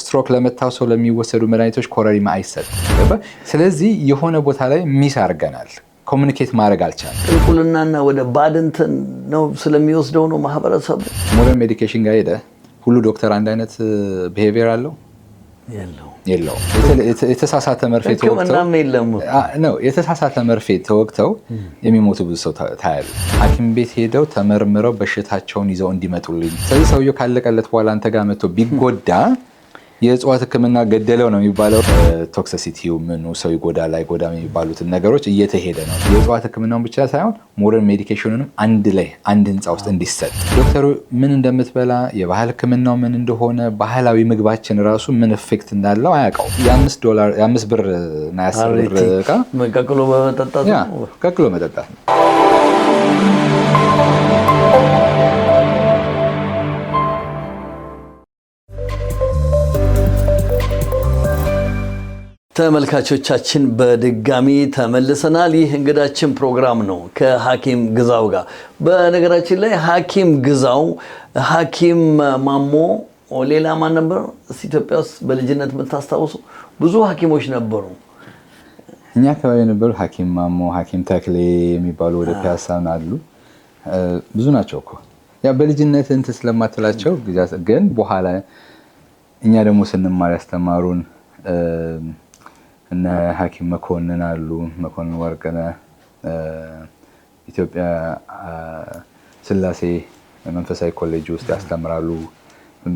ስትሮክ ለመታው ሰው ለሚወሰዱ መድኃኒቶች ኮረሪማ አይሰጥም። ስለዚህ የሆነ ቦታ ላይ ሚስ አድርገናል፣ ኮሚኒኬት ማድረግ አልቻለም። ጥልቁንናና ወደ ባድንትን ነው ስለሚወስደው ነው ማህበረሰብ ሞደርን ሜዲኬሽን ጋር ሄደ ሁሉ ዶክተር አንድ አይነት ብሄቪየር አለው የለው። የተሳሳተ መርፌ ተወግተው የተሳሳተ መርፌ ተወግተው የሚሞቱ ብዙ ሰው ታያሉ። ሐኪም ቤት ሄደው ተመርምረው በሽታቸውን ይዘው እንዲመጡልኝ። ስለዚህ ሰውየው ካለቀለት በኋላ አንተ ጋር መጥቶ ቢጎዳ የእጽዋት ህክምና ገደለው ነው የሚባለው። ቶክሲሲቲው ምኑ ሰው ይጎዳ ላይ ጎዳ የሚባሉትን ነገሮች እየተሄደ ነው። የእጽዋት ህክምናውን ብቻ ሳይሆን ሞደርን ሜዲኬሽንንም አንድ ላይ አንድ ህንፃ ውስጥ እንዲሰጥ ዶክተሩ ምን እንደምትበላ የባህል ህክምናው ምን እንደሆነ ባህላዊ ምግባችን ራሱ ምን ኢፌክት እንዳለው አያውቀው። የአምስት ዶላር የአምስት ብር እና የአስር ብር ዕቃ ቀቅሎ መጠጣት ነው። ተመልካቾቻችን በድጋሚ ተመልሰናል። ይህ እንግዳችን ፕሮግራም ነው ከሀኪም ግዛው ጋር። በነገራችን ላይ ሀኪም ግዛው ሀኪም ማሞ ሌላ ማን ነበር? ኢትዮጵያ ውስጥ በልጅነት የምታስታውሱ ብዙ ሀኪሞች ነበሩ። እኛ አካባቢ የነበሩ ሀኪም ማሞ፣ ሀኪም ተክሌ የሚባሉ ወደ ፒያሳን አሉ። ብዙ ናቸው እኮ ያ በልጅነት እንትን ስለማትላቸው ግን በኋላ እኛ ደግሞ ስንማር ያስተማሩን እነ ሐኪም መኮንን አሉ። መኮንን ወርቅነህ ኢትዮጵያ ስላሴ መንፈሳዊ ኮሌጅ ውስጥ ያስተምራሉ።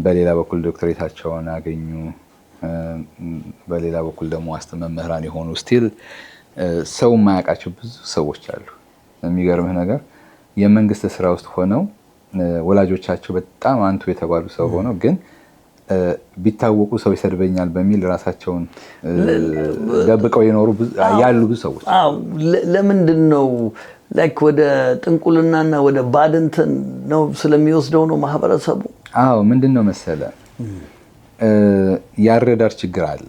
በሌላ በኩል ዶክትሬታቸውን አገኙ። በሌላ በኩል ደግሞ ዋስጥ መምህራን የሆኑ ስቲል ሰው የማያውቃቸው ብዙ ሰዎች አሉ። የሚገርምህ ነገር የመንግስት ስራ ውስጥ ሆነው ወላጆቻቸው በጣም አንቱ የተባሉ ሰው ሆነው ግን ቢታወቁ ሰው ይሰድበኛል በሚል ራሳቸውን ደብቀው የኖሩ ያሉ ብዙ ሰዎች። ለምንድን ነው ላይክ ወደ ጥንቁልናና ወደ ባድንትን ነው ስለሚወስደው ነው ማህበረሰቡ። አዎ ምንድን ነው መሰለ ያረዳር ችግር አለ።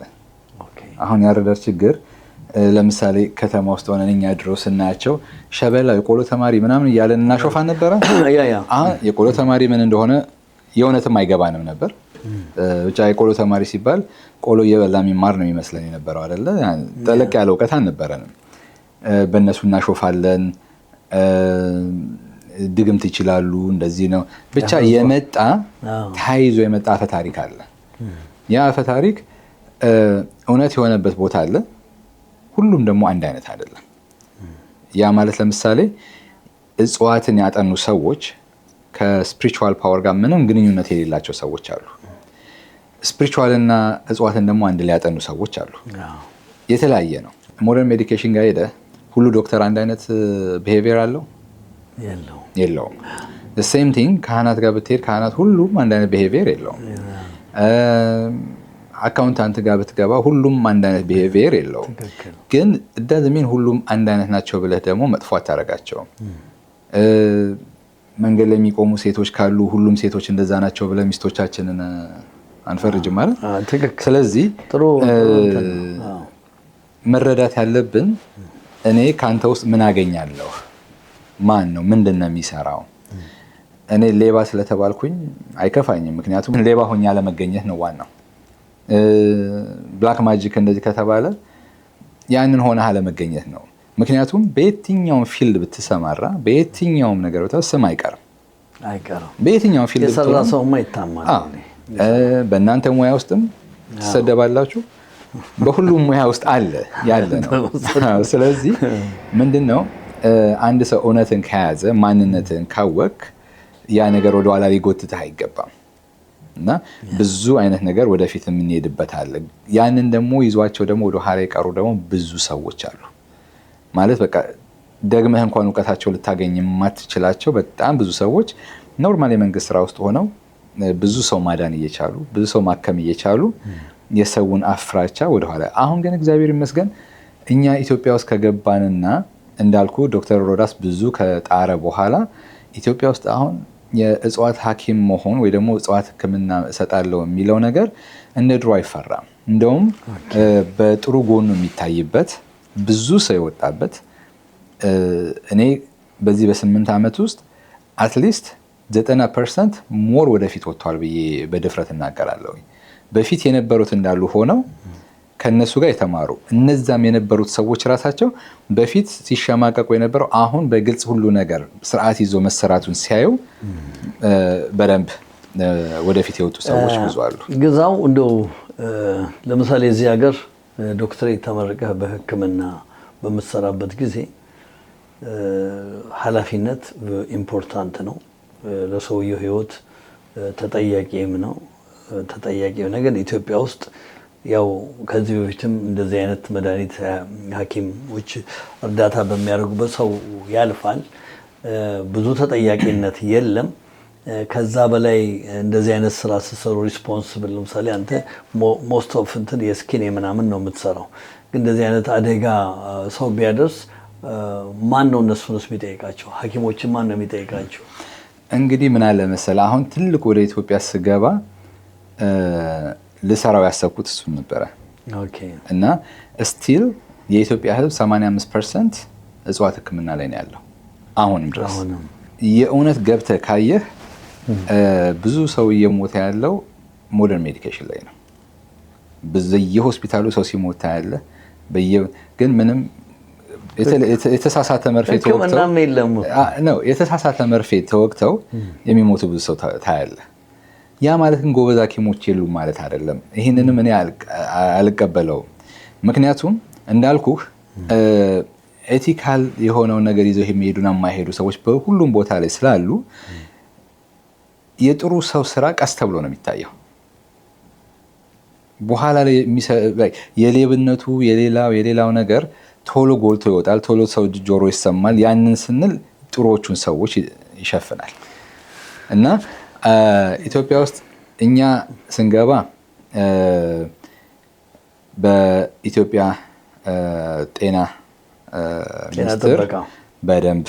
አሁን ያረዳር ችግር ለምሳሌ ከተማ ውስጥ ሆነን እኛ ድሮ ስናያቸው ሸበላ የቆሎ ተማሪ ምናምን እያለን እናሾፋን ነበረ። የቆሎ ተማሪ ምን እንደሆነ የእውነትም አይገባንም ነበር። ብቻ የቆሎ ተማሪ ሲባል ቆሎ እየበላ የሚማር ነው የሚመስለን የነበረው አይደለ? ጠለቅ ያለ እውቀት አልነበረንም። በእነሱ እናሾፋለን፣ ድግምት ይችላሉ፣ እንደዚህ ነው ብቻ የመጣ ተያይዞ የመጣ አፈ ታሪክ አለ። ያ አፈ ታሪክ እውነት የሆነበት ቦታ አለ። ሁሉም ደግሞ አንድ አይነት አይደለም። ያ ማለት ለምሳሌ እጽዋትን ያጠኑ ሰዎች ከስፒሪቹዋል ፓወር ጋር ምንም ግንኙነት የሌላቸው ሰዎች አሉ። ስፒሪቹዋልና እጽዋትን ደግሞ አንድ ላይ ያጠኑ ሰዎች አሉ። የተለያየ ነው። ሞደርን ሜዲኬሽን ጋር ሄደ ሁሉ ዶክተር አንድ አይነት ብሄቪየር uh, አለው የለውም። ሴም ቲንግ ካህናት ጋር ብትሄድ ካህናት ሁሉም አንድ አይነት ብሄቪየር የለውም። አካውንታንት uh, ጋር ብትገባ ሁሉም አንድ አይነት ብሄቪየር የለውም። ግን እዳዝሚን ሁሉም አንድ አይነት ናቸው ብለህ ደግሞ መጥፎ አታደርጋቸውም። hmm. uh, መንገድ ለሚቆሙ ሴቶች ካሉ ሁሉም ሴቶች እንደዛ ናቸው ብለህ ሚስቶቻችንን አንፈርጅም ማለት ስለዚህ መረዳት ያለብን እኔ ከአንተ ውስጥ ምን አገኛለሁ? ማን ነው ምንድን ነው የሚሰራው? እኔ ሌባ ስለተባልኩኝ አይከፋኝም፣ ምክንያቱም ሌባ ሆኛ ለመገኘት ነው ዋናው። ብላክ ማጂክ እንደዚህ ከተባለ ያንን ሆነ አለመገኘት ነው። ምክንያቱም በየትኛውም ፊልድ ብትሰማራ በየትኛውም ነገር ብታ ስም አይቀርም፣ በየትኛውም ፊልድ በእናንተ ሙያ ውስጥም ትሰደባላችሁ። በሁሉም ሙያ ውስጥ አለ ያለ ነው። ስለዚህ ምንድን ነው አንድ ሰው እውነትን ከያዘ ማንነትን ካወክ ያ ነገር ወደኋላ ሊጎትትህ አይገባም እና ብዙ አይነት ነገር ወደፊት የምንሄድበት አለ። ያንን ደግሞ ይዟቸው ደግሞ ወደ ኋላ የቀሩ ደግሞ ብዙ ሰዎች አሉ ማለት በቃ ደግመህ እንኳን እውቀታቸው ልታገኝ የማትችላቸው በጣም ብዙ ሰዎች ኖርማል የመንግስት ስራ ውስጥ ሆነው ብዙ ሰው ማዳን እየቻሉ ብዙ ሰው ማከም እየቻሉ የሰውን አፍራቻ ወደኋላ አሁን ግን እግዚአብሔር ይመስገን እኛ ኢትዮጵያ ውስጥ ከገባንና እንዳልኩ ዶክተር ሮዳስ ብዙ ከጣረ በኋላ ኢትዮጵያ ውስጥ አሁን የእጽዋት ሐኪም መሆን ወይ ደግሞ እጽዋት ሕክምና እሰጣለሁ የሚለው ነገር እንደ ድሮ አይፈራም። እንደውም በጥሩ ጎኑ የሚታይበት ብዙ ሰው የወጣበት እኔ በዚህ በስምንት ዓመት ውስጥ አትሊስት ዘጠና ፐርሰንት ሞር ወደፊት ወጥቷል ብዬ በድፍረት እናገራለሁ። በፊት የነበሩት እንዳሉ ሆነው ከነሱ ጋር የተማሩ እነዛም የነበሩት ሰዎች ራሳቸው በፊት ሲሸማቀቁ የነበረው አሁን በግልጽ ሁሉ ነገር ስርዓት ይዞ መሰራቱን ሲያዩ በደንብ ወደፊት የወጡ ሰዎች ብዙ አሉ። ግዛው እንደው ለምሳሌ እዚህ ሀገር ዶክትሬት ተመርቀህ በሕክምና በምትሰራበት ጊዜ ኃላፊነት ኢምፖርታንት ነው። ለሰውየው ህይወት ተጠያቂም ነው። የሆነ ግን ኢትዮጵያ ውስጥ ያው ከዚህ በፊትም እንደዚህ አይነት መድኃኒት ሐኪሞች እርዳታ በሚያደርጉበት ሰው ያልፋል። ብዙ ተጠያቂነት የለም። ከዛ በላይ እንደዚህ አይነት ስራ ስትሰሩ ሪስፖንስብል ለምሳሌ አንተ ሞስት ኦፍ እንትን የስኪን የምናምን ነው የምትሰራው። ግን እንደዚህ አይነት አደጋ ሰው ቢያደርስ ማን ነው እነሱንስ የሚጠይቃቸው? ሐኪሞችን ማን ነው የሚጠይቃቸው? እንግዲህ ምን አለ መሰለ አሁን ትልቅ ወደ ኢትዮጵያ ስገባ ልሰራው ያሰብኩት እሱን ነበረ እና ስቲል የኢትዮጵያ ህዝብ 85 ፐርሰንት እጽዋት ህክምና ላይ ነው ያለው አሁንም ድረስ። የእውነት ገብተ ካየህ ብዙ ሰው እየሞተ ያለው ሞደርን ሜዲኬሽን ላይ ነው። በየሆስፒታሉ ሰው ሲሞታ ያለ ግን ምንም የተሳሳተ መርፌ ተወግተው የተሳሳተ መርፌ ተወግተው የሚሞቱ ብዙ ሰው ታያለ። ያ ማለት ግን ጎበዝ ሐኪሞች የሉም ማለት አይደለም። ይህንንም እኔ አልቀበለውም። ምክንያቱም እንዳልኩህ ኤቲካል የሆነውን ነገር ይዘው የሚሄዱና የማይሄዱ ሰዎች በሁሉም ቦታ ላይ ስላሉ የጥሩ ሰው ስራ ቀስ ተብሎ ነው የሚታየው። በኋላ ላይ የሌብነቱ የሌላው የሌላው ነገር ቶሎ ጎልቶ ይወጣል፣ ቶሎ ሰው ጆሮ ይሰማል። ያንን ስንል ጥሩዎቹን ሰዎች ይሸፍናል እና ኢትዮጵያ ውስጥ እኛ ስንገባ በኢትዮጵያ ጤና ሚኒስቴር በደንብ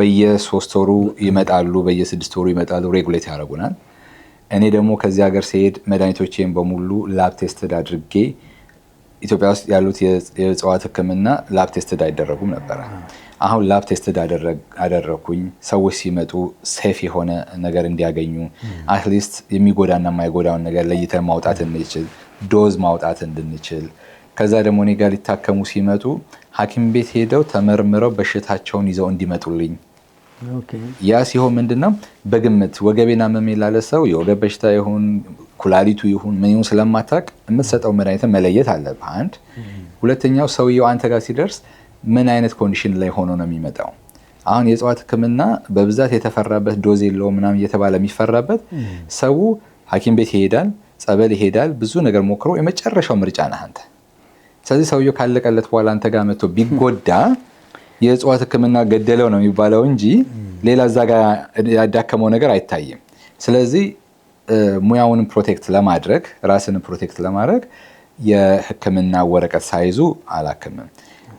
በየሶስት ወሩ ይመጣሉ፣ በየስድስት ወሩ ይመጣሉ፣ ሬጉሌት ያደርጉናል። እኔ ደግሞ ከዚህ ሀገር ሲሄድ መድኃኒቶቼን በሙሉ ላብ ቴስትድ አድርጌ ኢትዮጵያ ውስጥ ያሉት የእጽዋት ሕክምና ላብ ቴስትድ አይደረጉም ነበረ። አሁን ላብ ቴስትድ አደረግኩኝ። ሰዎች ሲመጡ ሴፍ የሆነ ነገር እንዲያገኙ አትሊስት የሚጎዳና የማይጎዳውን ነገር ለይተን ማውጣት እንችል፣ ዶዝ ማውጣት እንድንችል ከዛ ደግሞ እኔ ጋር ሊታከሙ ሲመጡ ሐኪም ቤት ሄደው ተመርምረው በሽታቸውን ይዘው እንዲመጡልኝ ያ ሲሆን ምንድነው በግምት ወገቤና አመመኝ ላለ ሰው የወገብ በሽታ ይሁን ኩላሊቱ ይሁን ምን ይሁን ስለማታቅ የምትሰጠው መድኃኒትን መለየት አለብህ። አንድ ሁለተኛው ሰውየው አንተ ጋር ሲደርስ ምን አይነት ኮንዲሽን ላይ ሆኖ ነው የሚመጣው። አሁን የእጽዋት ሕክምና በብዛት የተፈራበት ዶዝ የለው ምናምን እየተባለ የሚፈራበት ሰው ሐኪም ቤት ይሄዳል፣ ጸበል ይሄዳል፣ ብዙ ነገር ሞክሮ የመጨረሻው ምርጫ ነህ አንተ። ስለዚህ ሰውየው ካለቀለት በኋላ አንተ ጋር መጥቶ ቢጎዳ የእጽዋት ሕክምና ገደለው ነው የሚባለው እንጂ ሌላ እዛ ጋር ያዳከመው ነገር አይታይም። ስለዚህ ሙያውንም ፕሮቴክት ለማድረግ ራስን ፕሮቴክት ለማድረግ የህክምና ወረቀት ሳይዙ አላክምም።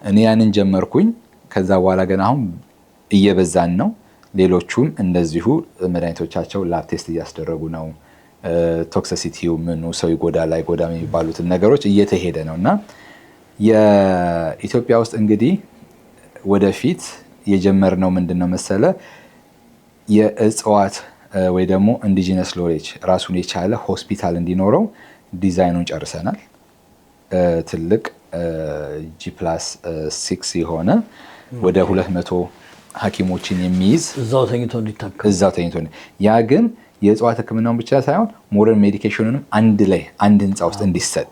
እኔ ያንን ጀመርኩኝ። ከዛ በኋላ ግን አሁን እየበዛን ነው። ሌሎቹም እንደዚሁ መድኃኒቶቻቸው ላብ ቴስት እያስደረጉ ነው። ቶክሲሲቲው ምኑ ሰው ይጎዳል አይጎዳም የሚባሉትን ነገሮች እየተሄደ ነው እና የኢትዮጵያ ውስጥ እንግዲህ ወደፊት የጀመርነው ምንድን ነው መሰለ የእጽዋት ወይ ደግሞ ኢንዲጂነስ ሎሬጅ ራሱን የቻለ ሆስፒታል እንዲኖረው ዲዛይኑን ጨርሰናል። ትልቅ ጂ ፕላስ ሲክስ የሆነ ወደ ሁለት መቶ ሐኪሞችን የሚይዝ እዛው ተኝቶ እንዲታከም እዛው ተኝቶ ያ ግን የእጽዋት ሕክምናውን ብቻ ሳይሆን ሞደርን ሜዲኬሽንንም አንድ ላይ አንድ ህንፃ ውስጥ እንዲሰጥ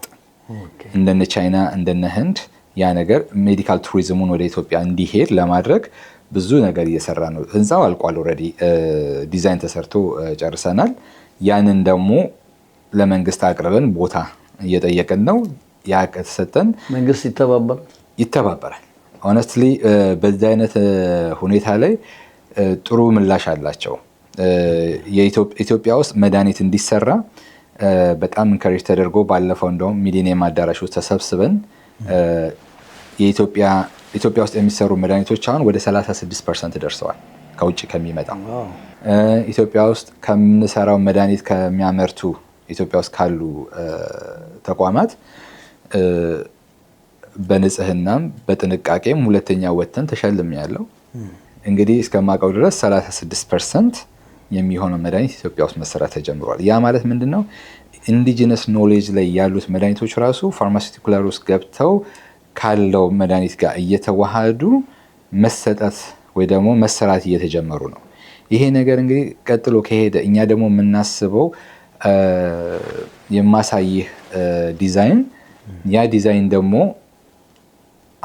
እንደነ ቻይና እንደነ ህንድ ያ ነገር ሜዲካል ቱሪዝሙን ወደ ኢትዮጵያ እንዲሄድ ለማድረግ ብዙ ነገር እየሰራ ነው። ህንፃው አልቋል። ኦልሬዲ ዲዛይን ተሰርቶ ጨርሰናል። ያንን ደግሞ ለመንግስት አቅርበን ቦታ እየጠየቅን ነው። ያ ከተሰጠን መንግስት ይተባበራል ይተባበራል። ሆነስትሊ በዚህ አይነት ሁኔታ ላይ ጥሩ ምላሽ አላቸው። ኢትዮጵያ ውስጥ መድኃኒት እንዲሰራ በጣም እንከሬጅ ተደርጎ ባለፈው እንደውም ሚሊኒየም አዳራሽ ውስጥ ተሰብስበን የኢትዮጵያ ኢትዮጵያ ውስጥ የሚሰሩ መድኃኒቶች አሁን ወደ 36 ፐርሰንት ደርሰዋል ከውጭ ከሚመጣው ኢትዮጵያ ውስጥ ከምንሰራው መድኃኒት ከሚያመርቱ ኢትዮጵያ ውስጥ ካሉ ተቋማት በንጽህናም በጥንቃቄም ሁለተኛ ወጥተን ተሸልም ያለው እንግዲህ እስከማውቀው ድረስ 36 ፐርሰንት የሚሆነው መድኃኒት ኢትዮጵያ ውስጥ መሰራት ተጀምሯል። ያ ማለት ምንድን ነው? ኢንዲጂነስ ኖሌጅ ላይ ያሉት መድኃኒቶች ራሱ ፋርማሲቲኩላር ውስጥ ገብተው ካለው መድኃኒት ጋር እየተዋሃዱ መሰጠት ወይ ደግሞ መሰራት እየተጀመሩ ነው። ይሄ ነገር እንግዲህ ቀጥሎ ከሄደ እኛ ደግሞ የምናስበው የማሳይህ ዲዛይን ያ ዲዛይን ደግሞ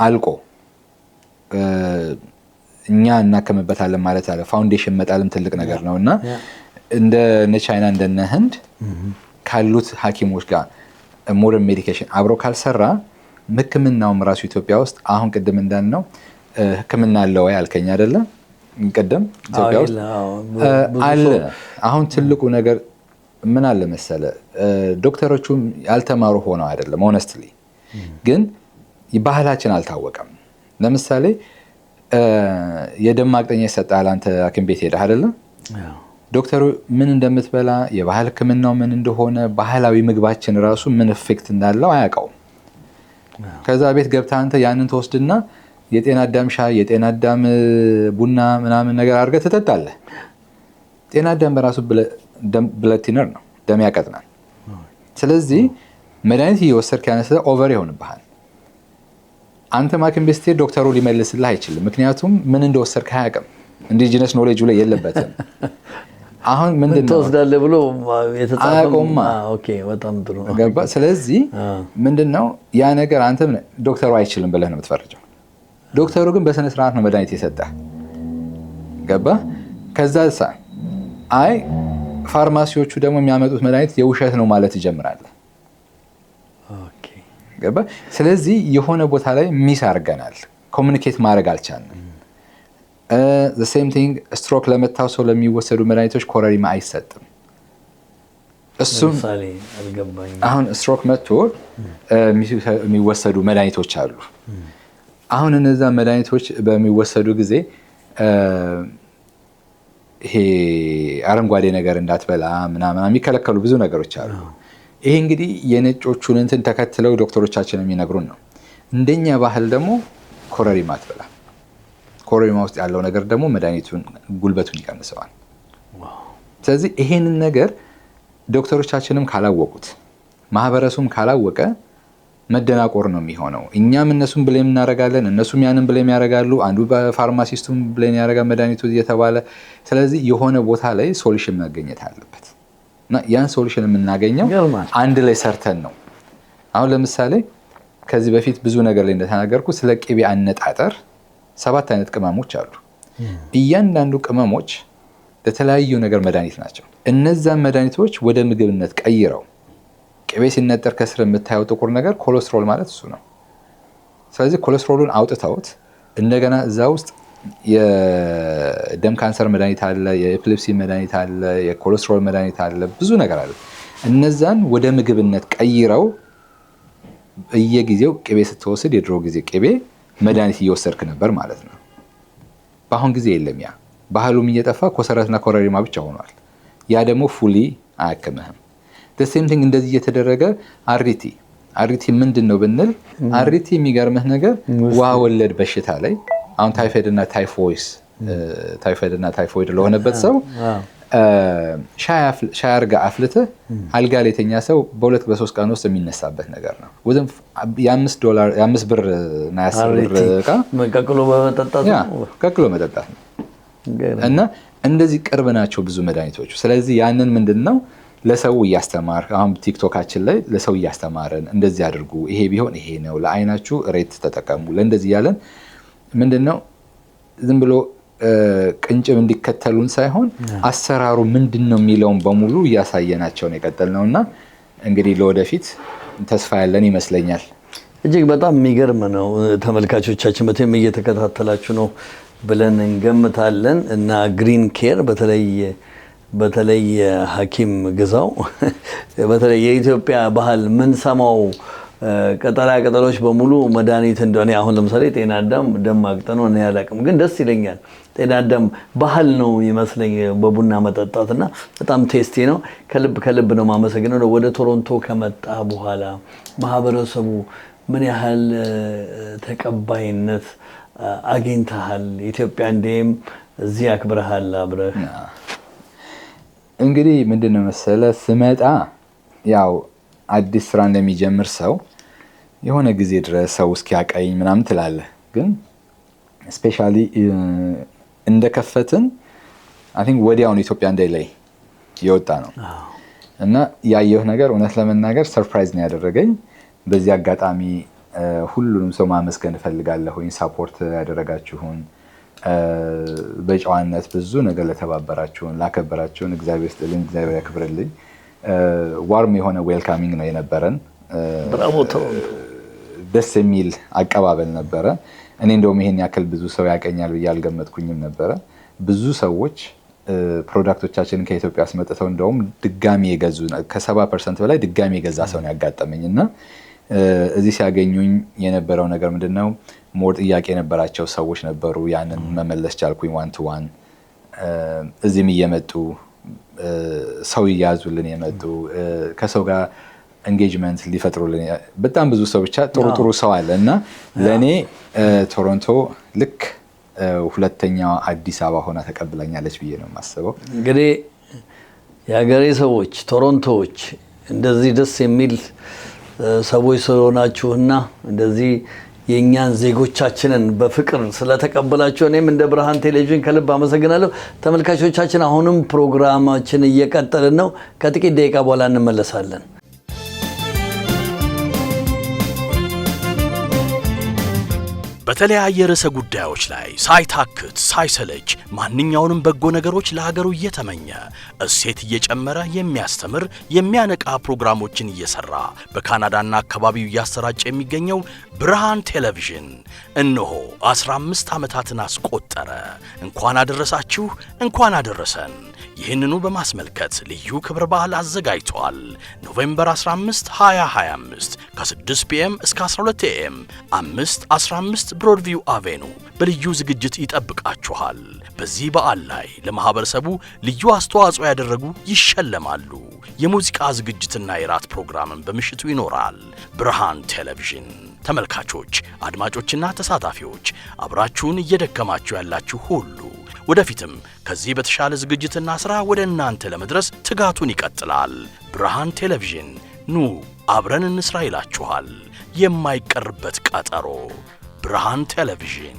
አልቆ እኛ እናከምበታለን ማለት አለ። ፋውንዴሽን መጣልም ትልቅ ነገር ነው እና እንደነ ቻይና እንደነ ህንድ ካሉት ሐኪሞች ጋር ሞደርን ሜዲኬሽን አብሮ ካልሰራ ህክምናውም ራሱ ኢትዮጵያ ውስጥ አሁን ቅድም እንዳልነው ህክምና አለ ወይ አልከኝ አይደለ? ቅድም ኢትዮጵያ ውስጥ አለ። አሁን ትልቁ ነገር ምን አለ መሰለ፣ ዶክተሮቹም ያልተማሩ ሆነው አይደለም። ሆነስትሊ ግን ባህላችን አልታወቀም። ለምሳሌ የደም ማቅጠኛ ይሰጣል። አንተ አክም ቤት ሄደ አደለም ዶክተሩ ምን እንደምትበላ የባህል ህክምናው ምን እንደሆነ ባህላዊ ምግባችን ራሱ ምን ኢፌክት እንዳለው አያውቀውም። ከዛ ቤት ገብታ አንተ ያንን ትወስድና የጤና አዳም ሻይ፣ የጤና አዳም ቡና ምናምን ነገር አድርገህ ትጠጣለህ። ጤና አዳም በራሱ ብለድ ቲነር ነው፣ ደም ያቀጥናል። ስለዚህ መድኃኒት እየወሰድክ ያነሰ ኦቨር ይሆንብሃል። አንተ ማክን ቤስቴ ዶክተሩ ሊመልስልህ አይችልም፣ ምክንያቱም ምን እንደወሰድክ አያውቅም። ኢንዲጂነስ ኖሌጁ ላይ የለበትም። አሁን ምንድን ነው ትወስዳለህ ብሎ ኦኬ በጣም ጥሩ ገባ። ስለዚህ ምንድን ነው ያ ነገር አንተ ዶክተሩ አይችልም ብለህ ነው የምትፈርጀው። ዶክተሩ ግን በስነ ስርዓት ነው መድኃኒት የሰጠህ ገባ። ከዛ ሳ አይ ፋርማሲዎቹ ደግሞ የሚያመጡት መድኃኒት የውሸት ነው ማለት ይጀምራለህ ገባ። ስለዚህ የሆነ ቦታ ላይ ሚስ አድርገናል፣ ኮሚኒኬት ማድረግ አልቻልንም። ሴም ቲንግ ስትሮክ ለመታው ሰው ለሚወሰዱ መድኃኒቶች ኮረሪማ አይሰጥም። እሱም አሁን ስትሮክ መጥቶ uh, የሚወሰዱ መድኃኒቶች አሉ። hmm. አሁን እነዛ መድኃኒቶች በሚወሰዱ ጊዜ uh, ይሄ አረንጓዴ ነገር እንዳትበላ ምናምን የሚከለከሉ ብዙ ነገሮች አሉ። ይሄ እንግዲህ የነጮቹን እንትን ተከትለው ዶክተሮቻችን የሚነግሩን ነው። እንደኛ ባህል ደግሞ ኮረሪማ አትበላ ኮሮማ ውስጥ ያለው ነገር ደግሞ መድኃኒቱን ጉልበቱን ይቀንሰዋል። ስለዚህ ይሄንን ነገር ዶክተሮቻችንም ካላወቁት ማህበረሱም ካላወቀ መደናቆር ነው የሚሆነው። እኛም እነሱም ብሌም እናደርጋለን፣ እነሱም ያንን ብለ ያደርጋሉ። አንዱ በፋርማሲስቱም ብሌም ያደርጋል መድኃኒቱ እየተባለ ስለዚህ የሆነ ቦታ ላይ ሶሉሽን መገኘት አለበት እና ያን ሶሉሽን የምናገኘው አንድ ላይ ሰርተን ነው። አሁን ለምሳሌ ከዚህ በፊት ብዙ ነገር ላይ እንደተናገርኩ ስለ ቅቤ አነጣጠር ሰባት አይነት ቅመሞች አሉ። እያንዳንዱ ቅመሞች ለተለያዩ ነገር መድኃኒት ናቸው። እነዛን መድኃኒቶች ወደ ምግብነት ቀይረው ቅቤ ሲነጠር ከስር የምታየው ጥቁር ነገር ኮሎስትሮል ማለት እሱ ነው። ስለዚህ ኮሎስትሮሉን አውጥተውት እንደገና እዛ ውስጥ የደም ካንሰር መድኃኒት አለ፣ የኤፕሊፕሲ መድኃኒት አለ፣ የኮሎስትሮል መድኃኒት አለ፣ ብዙ ነገር አለ። እነዛን ወደ ምግብነት ቀይረው በየጊዜው ቅቤ ስትወስድ የድሮ ጊዜ ቅቤ መድኃኒት እየወሰድክ ነበር ማለት ነው። በአሁን ጊዜ የለም። ያ ባህሉም እየጠፋ ኮሰረትና ኮረሪማ ብቻ ሆኗል። ያ ደግሞ ፉሊ አያክምህም። ደሴም ቲንግ እንደዚህ እየተደረገ አሪቲ አሪቲ ምንድን ነው ብንል አሪቲ የሚገርምህ ነገር ውሃ ወለድ በሽታ ላይ አሁን ታይፎይድ ታይፎይስ ታይፎይድ ለሆነበት ሰው ሻይ አርጋ አፍልተ አልጋ ላይ የተኛ ሰው በሁለት በሶስት ቀን ውስጥ የሚነሳበት ነገር ነው። ወይም የአምስት ብር እና የአስር ብር ቀቅሎ መጠጣት ነው እና እንደዚህ ቅርብ ናቸው ብዙ መድኃኒቶቹ። ስለዚህ ያንን ምንድን ነው ለሰው እያስተማር አሁን ቲክቶካችን ላይ ለሰው እያስተማረን እንደዚህ አድርጉ፣ ይሄ ቢሆን ይሄ ነው፣ ለአይናችሁ ሬት ተጠቀሙ፣ ለእንደዚህ ያለን ምንድን ነው ዝም ብሎ ቅንጭብ እንዲከተሉን ሳይሆን አሰራሩ ምንድን ነው የሚለውን በሙሉ የቀጠል ነው እና እንግዲህ ለወደፊት ተስፋ ያለን ይመስለኛል። እጅግ በጣም የሚገርም ነው። ተመልካቾቻችን በተለይም እየተከታተላችሁ ነው ብለን እንገምታለን እና ግሪን ኬር በተለይ በተለይ ሐኪም ግዛው በተለይ የኢትዮጵያ ባህል ምን ሰማው ቅጠላ ቅጠሎች በሙሉ መድኃኒት እንደሆነ አሁን ለምሳሌ ጤና አዳም ደም አቅጠኖ እኔ ግን ደስ ይለኛል። ጤና ባህል ነው ይመስለኝ በቡና መጠጣት እና በጣም ቴስቲ ነው። ከልብ ከልብ ነው ማመሰግነው። ወደ ቶሮንቶ ከመጣ በኋላ ማህበረሰቡ ምን ያህል ተቀባይነት አግኝተሃል? ኢትዮጵያ እንዲም እዚህ አክብረሃል አብረህ እንግዲህ ምንድን ነው መሰለህ ስመጣ ያው አዲስ ስራ እንደሚጀምር ሰው የሆነ ጊዜ ድረስ ሰው እስኪያቀኝ ምናምን ትላለህ። ግን ስፔሻሊ እንደከፈትን አይ ቲንክ ወዲያውኑ ኢትዮጵያ እንዳይ ላይ የወጣ ነው እና ያየሁ ነገር እውነት ለመናገር ሰርፕራይዝ ነው ያደረገኝ። በዚህ አጋጣሚ ሁሉንም ሰው ማመስገን እፈልጋለሁ፣ ሳፖርት ያደረጋችሁን፣ በጨዋነት ብዙ ነገር ለተባበራችሁን፣ ላከበራችሁን እግዚአብሔር ስጥልኝ፣ እግዚአብሔር ያክብርልኝ። ዋርም የሆነ ዌልካሚንግ ነው የነበረን። ደስ የሚል አቀባበል ነበረ። እኔ እንደውም ይሄን ያክል ብዙ ሰው ያቀኛል ብዬ አልገመጥኩኝም ነበረ። ብዙ ሰዎች ፕሮዳክቶቻችንን ከኢትዮጵያ አስመጥተው እንደውም ድጋሚ የገዙ ከሰባ ፐርሰንት በላይ ድጋሚ የገዛ ሰውን ያጋጠመኝ እና እዚህ ሲያገኙኝ የነበረው ነገር ምንድን ነው፣ ሞር ጥያቄ የነበራቸው ሰዎች ነበሩ። ያንን መመለስ ቻልኩኝ። ዋን ቱ ዋን እዚህም እየመጡ ሰው እያዙልን የመጡ ከሰው ጋር ኤንጌጅመንት ሊፈጥሩልን በጣም ብዙ ሰው ብቻ ጥሩ ጥሩ ሰው አለ እና ለእኔ ቶሮንቶ ልክ ሁለተኛው አዲስ አበባ ሆና ተቀብላኛለች ብዬ ነው የማስበው። እንግዲህ የሀገሬ ሰዎች ቶሮንቶዎች እንደዚህ ደስ የሚል ሰዎች ስለሆናችሁና እንደዚህ የእኛን ዜጎቻችንን በፍቅር ስለተቀበላችሁ እኔም እንደ ብርሃን ቴሌቪዥን ከልብ አመሰግናለሁ። ተመልካቾቻችን አሁንም ፕሮግራማችን እየቀጠልን ነው። ከጥቂት ደቂቃ በኋላ እንመለሳለን። በተለያየ ርዕሰ ጉዳዮች ላይ ሳይታክት ሳይሰለች ማንኛውንም በጎ ነገሮች ለሀገሩ እየተመኘ እሴት እየጨመረ የሚያስተምር የሚያነቃ ፕሮግራሞችን እየሰራ በካናዳና አካባቢው እያሰራጨ የሚገኘው ብርሃን ቴሌቪዥን እነሆ 15 ዓመታትን አስቆጠረ። እንኳን አደረሳችሁ፣ እንኳን አደረሰን። ይህንኑ በማስመልከት ልዩ ክብረ በዓል አዘጋጅቷል። ኖቬምበር 15 2025 ከ6 ፒኤም እስከ 12 ኤኤም 5 15 ብሮድቪው አቬኑ በልዩ ዝግጅት ይጠብቃችኋል። በዚህ በዓል ላይ ለማህበረሰቡ ልዩ አስተዋጽኦ ያደረጉ ይሸለማሉ። የሙዚቃ ዝግጅትና የራት ፕሮግራምን በምሽቱ ይኖራል። ብርሃን ቴሌቪዥን ተመልካቾች፣ አድማጮችና ተሳታፊዎች አብራችሁን እየደከማችሁ ያላችሁ ሁሉ ወደፊትም ከዚህ በተሻለ ዝግጅትና ሥራ ወደ እናንተ ለመድረስ ትጋቱን ይቀጥላል። ብርሃን ቴሌቪዥን ኑ አብረን እንሥራ ይላችኋል። የማይቀርበት ቀጠሮ ብርሃን ቴሌቪዥን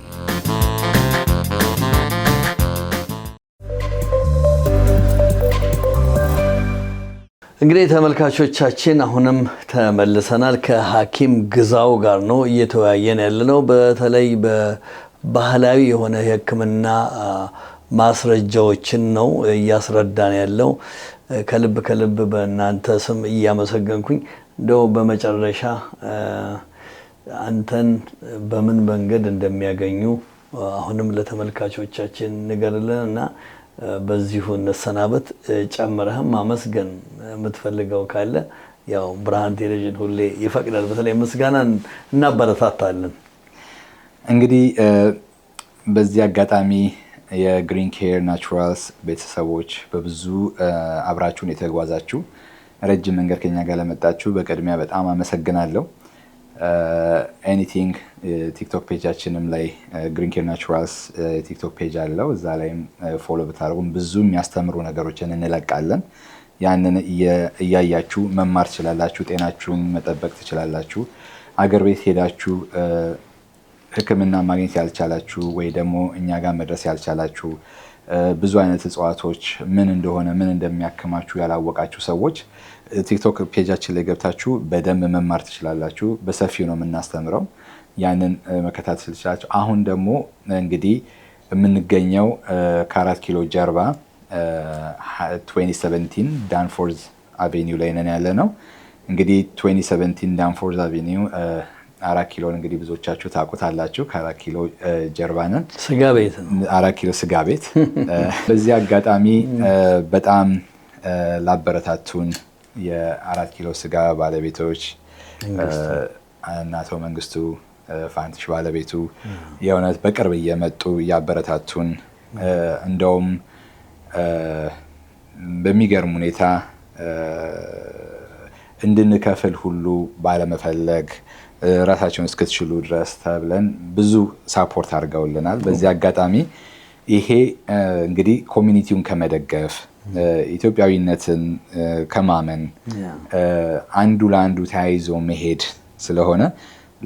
እንግዲህ ተመልካቾቻችን አሁንም ተመልሰናል። ከሐኪም ግዛው ጋር ነው እየተወያየን ያለነው። በተለይ ባህላዊ የሆነ የሕክምና ማስረጃዎችን ነው እያስረዳን ያለው። ከልብ ከልብ በእናንተ ስም እያመሰገንኩኝ እንደው በመጨረሻ አንተን በምን መንገድ እንደሚያገኙ አሁንም ለተመልካቾቻችን ንገርልን እና በዚሁ እንሰናበት። ጨምረህም ማመስገን የምትፈልገው ካለ ያው ብርሃን ቴሌቪዥን ሁሌ ይፈቅዳል። በተለይ ምስጋናን እናበረታታለን። እንግዲህ በዚህ አጋጣሚ የግሪን ኬር ናቹራልስ ቤተሰቦች በብዙ አብራችሁን የተጓዛችሁ ረጅም መንገድ ከኛ ጋር ለመጣችሁ በቅድሚያ በጣም አመሰግናለሁ። ኤኒቲንግ ቲክቶክ ፔጃችንም ላይ ግሪን ኬር ናቹራልስ ቲክቶክ ፔጅ አለው። እዛ ላይም ፎሎ ብታደርጉም ብዙ የሚያስተምሩ ነገሮችን እንለቃለን። ያንን እያያችሁ መማር ትችላላችሁ። ጤናችሁን መጠበቅ ትችላላችሁ። አገር ቤት ሄዳችሁ ሕክምና ማግኘት ያልቻላችሁ ወይ ደግሞ እኛ ጋር መድረስ ያልቻላችሁ ብዙ አይነት እጽዋቶች ምን እንደሆነ ምን እንደሚያክማችሁ ያላወቃችሁ ሰዎች ቲክቶክ ፔጃችን ላይ ገብታችሁ በደንብ መማር ትችላላችሁ። በሰፊው ነው የምናስተምረው። ያንን መከታተል ትችላላችሁ። አሁን ደግሞ እንግዲህ የምንገኘው ከአራት ኪሎ ጀርባ 2017 ዳንፎርዝ አቬኒው ላይ ነን ያለ ነው። እንግዲህ 2017 ዳንፎርዝ አቬኒው አራት ኪሎን እንግዲህ ብዙዎቻችሁ ታውቁታላችሁ። ከአራት ኪሎ ጀርባንን ስጋ ቤት አራት ኪሎ ስጋ ቤት በዚህ አጋጣሚ በጣም ላበረታቱን የአራት ኪሎ ስጋ ባለቤቶች እናቶ መንግስቱ ፋንትሽ ባለቤቱ የእውነት በቅርብ እየመጡ እያበረታቱን እንደውም በሚገርም ሁኔታ እንድንከፍል ሁሉ ባለመፈለግ ራሳቸውን እስክትችሉ ድረስ ተብለን ብዙ ሳፖርት አድርገውልናል። በዚህ አጋጣሚ ይሄ እንግዲህ ኮሚኒቲውን ከመደገፍ ኢትዮጵያዊነትን ከማመን አንዱ ለአንዱ ተያይዞ መሄድ ስለሆነ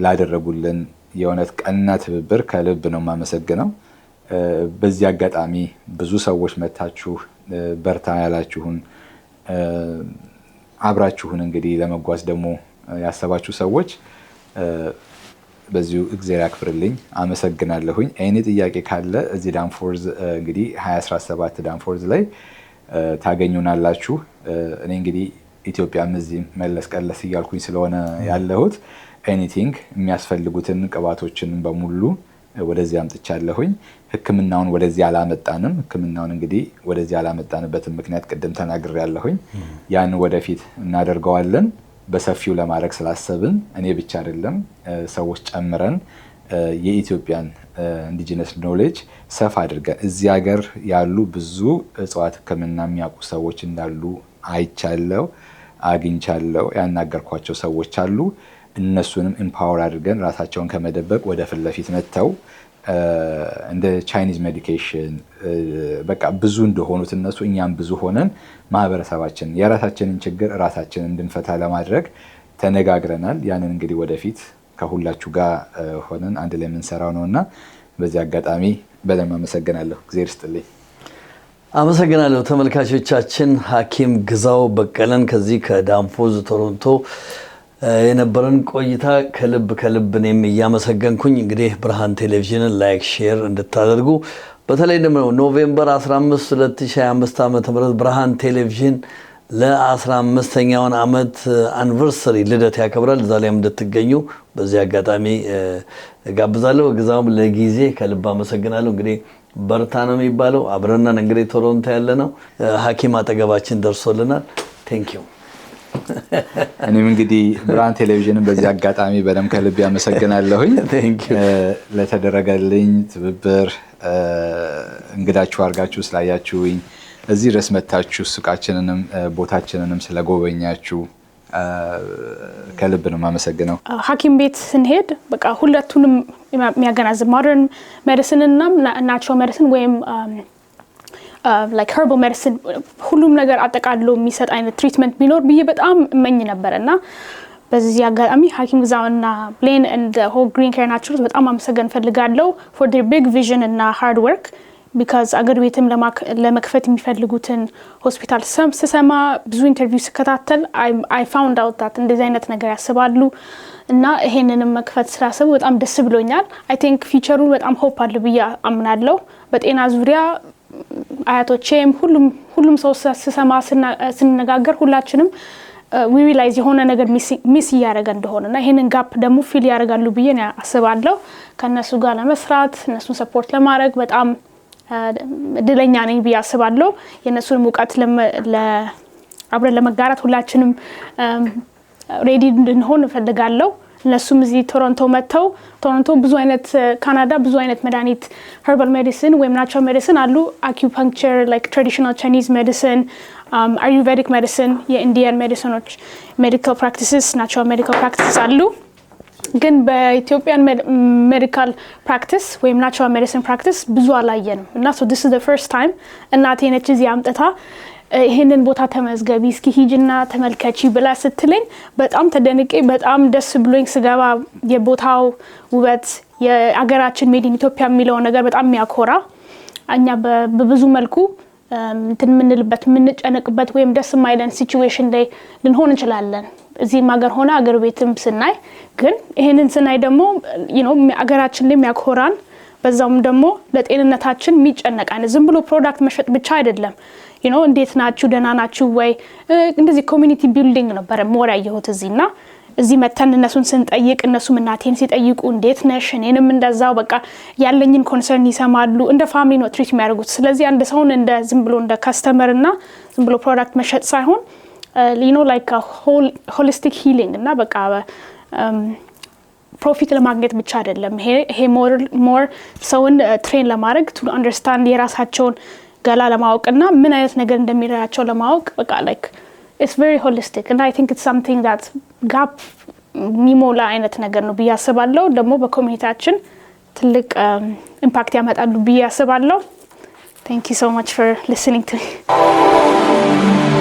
ላደረጉልን የእውነት ቀና ትብብር ከልብ ነው የማመሰግነው። በዚህ አጋጣሚ ብዙ ሰዎች መታችሁ በርታ ያላችሁን አብራችሁን እንግዲህ ለመጓዝ ደግሞ ያሰባችሁ ሰዎች በዚሁ እግዜር ያክፍርልኝ አመሰግናለሁኝ። አይኔ ጥያቄ ካለ እዚህ ዳንፎርዝ እንግዲህ 2017 ዳንፎርዝ ላይ ታገኙናላችሁ። እኔ እንግዲህ ኢትዮጵያም እዚህ መለስ ቀለስ እያልኩኝ ስለሆነ ያለሁት ኤኒቲንግ የሚያስፈልጉትን ቅባቶችን በሙሉ ወደዚህ አምጥቻለሁኝ። ሕክምናውን ወደዚህ አላመጣንም። ሕክምናውን እንግዲህ ወደዚህ አላመጣንበትን ምክንያት ቅድም ያለሁኝ ያን ወደፊት እናደርገዋለን። በሰፊው ለማድረግ ስላሰብን እኔ ብቻ አይደለም ሰዎች ጨምረን የኢትዮጵያን ኢንዲጂነስ ኖሌጅ ሰፋ አድርገን እዚህ ሀገር ያሉ ብዙ እጽዋት ሕክምና የሚያውቁ ሰዎች እንዳሉ አይቻለው፣ አግኝቻለው። ያናገርኳቸው ሰዎች አሉ። እነሱንም ኢምፓወር አድርገን ራሳቸውን ከመደበቅ ወደ ፊት ለፊት መጥተው እንደ ቻይኒዝ ሜዲኬሽን በቃ ብዙ እንደሆኑት እነሱ እኛም ብዙ ሆነን ማህበረሰባችን የራሳችንን ችግር እራሳችን እንድንፈታ ለማድረግ ተነጋግረናል። ያንን እንግዲህ ወደፊት ከሁላችሁ ጋር ሆነን አንድ ላይ የምንሰራው ነው እና በዚህ አጋጣሚ በደንብ አመሰግናለሁ። እግዜር ይስጥልኝ። አመሰግናለሁ። ተመልካቾቻችን ሐኪም ግዛው በቀለን ከዚህ ከዳንፎዝ ቶሮንቶ የነበረን ቆይታ ከልብ ከልብ እኔም እያመሰገንኩኝ እንግዲህ ብርሃን ቴሌቪዥንን ላይክ ሼር እንድታደርጉ በተለይ ደግሞ ኖቬምበር 15 2025 ዓ ም ብርሃን ቴሌቪዥን ለ15ኛውን ዓመት አኒቨርሰሪ ልደት ያከብራል። እዛ ላይም እንድትገኙ በዚህ አጋጣሚ ጋብዛለሁ። ግዛም ለጊዜ ከልብ አመሰግናለሁ። እንግዲህ በርታ ነው የሚባለው። አብረናን እንግዲህ ቶሮንቶ ያለ ነው ሐኪም አጠገባችን ደርሶልናል። ቴንኪው እኔም እንግዲህ ብርሃን ቴሌቪዥንን በዚህ አጋጣሚ በደም ከልብ ያመሰግናለሁኝ ለተደረገልኝ ትብብር፣ እንግዳችሁ አድርጋችሁ ስላያችሁኝ፣ እዚህ ድረስ መታችሁ ሱቃችንንም ቦታችንንም ስለጎበኛችሁ ከልብ ነው የማመሰግነው። ሀኪም ቤት ስንሄድ በቃ ሁለቱንም የሚያገናዝብ ማደርን ሜዲሲን እና ናቹራል ወይም ላይክ ኸርባል ሜዲሲን ሁሉም ነገር አጠቃሎ የሚሰጥ አይነት ትሪትመንት ቢኖር ብዬ በጣም እመኝ ነበረ እና በዚህ አጋጣሚ ሀኪም ግዛው እና ብሌን እንደ ሆል ግሪን ኬር ናቸሮት በጣም አመሰገን ፈልጋለው ፎር ዴር ቢግ ቪዥን እና ሃርድ ወርክ ቢካዝ አገር ቤትም ለመክፈት የሚፈልጉትን ሆስፒታል ስሰማ ብዙ ኢንተርቪው ስከታተል አይ ፋውንድ አውታት እንደዚህ አይነት ነገር ያስባሉ እና ይሄንንም መክፈት ስላሰቡ በጣም ደስ ብሎኛል። አይ ቲንክ ፊቸሩን በጣም ሆፕ አለ ብዬ አምናለሁ። በጤና ዙሪያ አያቶቼም ሁሉም ሁሉም ሰው ስሰማ ስንነጋገር ሁላችንም ዊዊላይዝ የሆነ ነገር ሚስ እያደረገ እና ይህንን ጋፕ ደግሞ ፊል ያደርጋሉ ብዬ አስባለሁ። ከእነሱ ጋር ለመስራት እነሱን ሰፖርት ለማድረግ በጣም እድለኛ ነኝ ብዬ አስባለሁ። የእነሱን እውቀት አብረን ለመጋራት ሁላችንም ሬዲ እንድንሆን እፈልጋለሁ። እነሱም እዚህ ቶሮንቶ መጥተው ቶሮንቶ ብዙ አይነት uh, ካናዳ ብዙ አይነት መድኃኒት ሄርባል ሜዲሲን ወይም ናቹራል ሜዲሲን አሉ። አኪፓንክቸር ላይክ ትራዲሽናል ቻይኒዝ ሜዲሲን፣ አዩቬዲክ ሜዲሲን፣ የኢንዲያን ሜዲሲኖች ሜዲካል ፕራክቲስስ ናቹራል ሜዲካል ፕራክቲስስ አሉ። ግን በኢትዮጵያን ሜዲካል ፕራክቲስ ወይም ናቹራል ሜዲሲን ፕራክቲስ ብዙ አላየንም እና ስ ስ ፈርስት ታይም እናቴ ነች እዚህ አምጥታ ይህንን ቦታ ተመዝገቢ እስኪ ሂጅና ተመልከቺ ብላ ስትለኝ በጣም ተደንቄ በጣም ደስ ብሎኝ ስገባ የቦታው ውበት የአገራችን ሜዲን ኢትዮጵያ የሚለው ነገር በጣም የሚያኮራ እኛ በብዙ መልኩ እንትን የምንልበት የምንጨነቅበት ወይም ደስ የማይለን ሲቹዌሽን ላይ ልንሆን እንችላለን። እዚህም ሀገር ሆነ አገር ቤትም ስናይ ግን ይህንን ስናይ ደግሞ አገራችን ላይ የሚያኮራን በዛውም ደግሞ ለጤንነታችን የሚጨነቅ አይነት ዝም ብሎ ፕሮዳክት መሸጥ ብቻ አይደለም። ዩኖ እንዴት ናችሁ ደህና ናችሁ ወይ እንደዚህ ኮሚኒቲ ቢልዲንግ ነበረ ሞር ያየሁት እዚህ እና እዚህ መተን እነሱን ስንጠይቅ እነሱም እናቴን ሲጠይቁ እንዴት ነሽ፣ እኔንም እንደዛው በቃ ያለኝን ኮንሰርን ይሰማሉ። እንደ ፋሚሊ ነው ትሪት የሚያደርጉት። ስለዚህ አንድ ሰውን እንደ ዝም ብሎ እንደ ከስተመር እና ዝም ብሎ ፕሮዳክት መሸጥ ሳይሆን ሊኖ ላይክ ሆሊስቲክ ሂሊንግ እና በቃ ፕሮፊት ለማግኘት ብቻ አይደለም። ይሄ ሞር ሰውን ትሬን ለማድረግ ቱ አንደርስታንድ የራሳቸውን ገላ ለማወቅ እና ምን አይነት ነገር እንደሚረዳቸው ለማወቅ በቃ ላይክ ኢትስ ቨሪ ሆሊስቲክ እና አይ ቲንክ ኢትስ ሳምቲንግ ዳት ጋፕ የሚሞላ አይነት ነገር ነው ብዬ አስባለሁ። ደግሞ በኮሚኒቲያችን ትልቅ ኢምፓክት um, ያመጣሉ ብዬ አስባለሁ። ታንክ ዩ ሶ ማች ፎር ሊስኒንግ ቱ